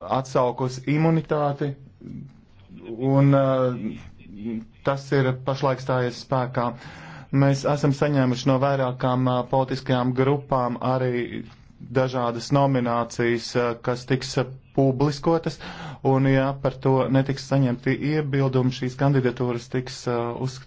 atsaukus imunitāti, un uh, tas ir pašlaik stājies spēkā. Mēs esam saņēmuši no vairākām uh, politiskajām grupām arī dažādas nominācijas, uh, kas tiks publiskotas, un ja par to netiks saņemti iebildumi, šīs kandidatūras tiks uzskatītas.